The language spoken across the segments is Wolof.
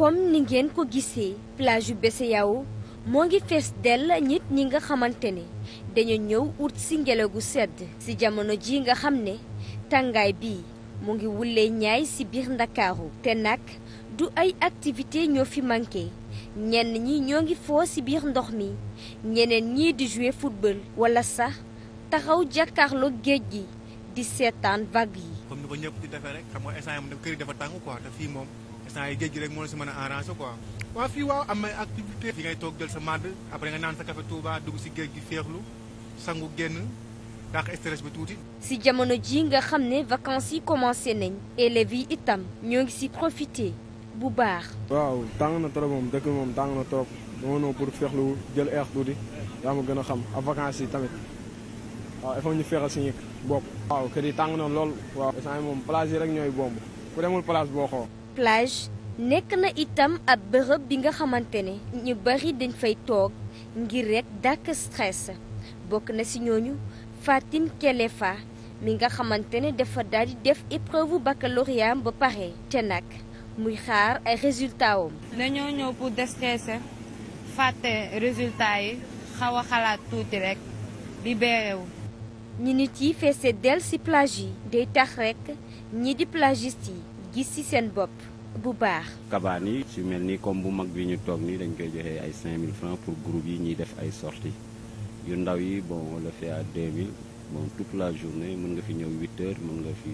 comme ni ngeen ko gisee plage yu Besseyao moo ngi fees dell nit ñi nga xamante ne dañu ñëw ut si ngelaw gu sedd si jamono ji nga xam ne tàngaay bi mu ngi wullee ñaay si biir Ndakaaru te nag du ay activité ñoo fi manqué ñenn ñi ñoo ngi foo si biir ndox mi ñeneen ñii di jouer football walla sax taxaw jàkkaarloo géej gi di seetaan vague yi comme ni ko ñëpp di defee rek xam nga instant yi moom kër yi dafa tàng quoi te fii moom instant yi géej gi rek moo la si mën a arrangé quoi waa fii waaw am ay activité fi ngay toog jël sa màdd après nga naan sa café Touba dugg si géej gi féexlu sangu génn dàq stress bi tuuti si jamono ji nga xam ne vacances yi commencé nañ élèves yi itam ñoo ngi si profité bu baax waaw tàng na trop moom dëkk moom tàng na trop dama noonu pour féexlu jël air tuuti yaa ma gën a xam ak vacances yi tamit waaw il faut ñu feexal suñu bopp waaw kër yi lool waaw moom plage rek ñooy bomb ku demul plage plage nekk na itam ab bërëb bi nga xamante ne ñu bari dañ fay toog ngir rek dàkk stress bokk na ci ñooñu Fatim fa mi nga xamante ne dafa daal di def épreuve baccalauréat ba pare te nag muy xaar ay résultat wam dañoo ñëw pour déstressé fàtte résultat yi xaw a xalaat tuuti rekk libéré wu ñi nit yi feese dell ci plage yi day tax rek ñi di plagiste yi gis ci seen bopp bu baax. kabaan yi ci mel ni comme bu mag bi ñu toog ni dañ koy joxe ay 5000 francs pour group yi ñuy def ay sorti yu ndaw yi bon on le fait à 2000 bon toute la journée mën nga fi ñëw 8 heures mën nga fi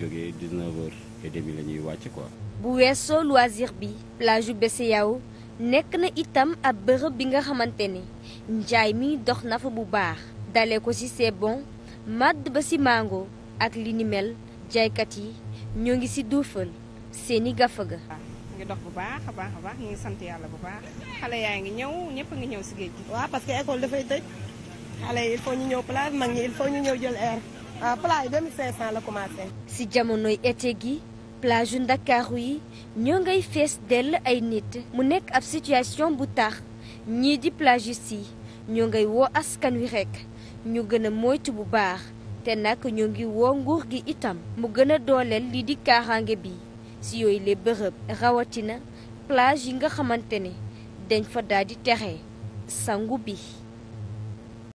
jóge 19 heures et demi la ñuy wàcc quoi. bu weesoo loisir bi plage yu BCEAO nekk na itam ab bërëb bi nga xamante ne njaay mi dox na bu baax. dale ko ci c'est bon màdd ba ci mango ak li ni mel jaaykat yi. ñoo ngi si duufal seeni gafaga mu ngi dox bu baax a baax a baax ñu ngi sant yàlla bu baax xale yaa ngi ñëw ñëpp a ngi ñëw si géej gi. waaw parce que école dafay tëj xale yi il faut ñu ñëw plage mag ñi il faut ñu ñëw jël air waaw plage 2500 la commencé. si jamonoy été gi plage yu Ndakaaru yi ñoo ngay fees dell ay nit. mu nekk ab situation bu tax ñii di plage yi si ñoo ngay woo askan wi rekk ñu gën a moytu bu baax. te nag ñu ngi woo nguur gi itam mu gën a dooleel lii di kaaraange bi ci yooyu le bërëb rawatina plage yi nga xamante ne dañ fa daal di tere sangu bi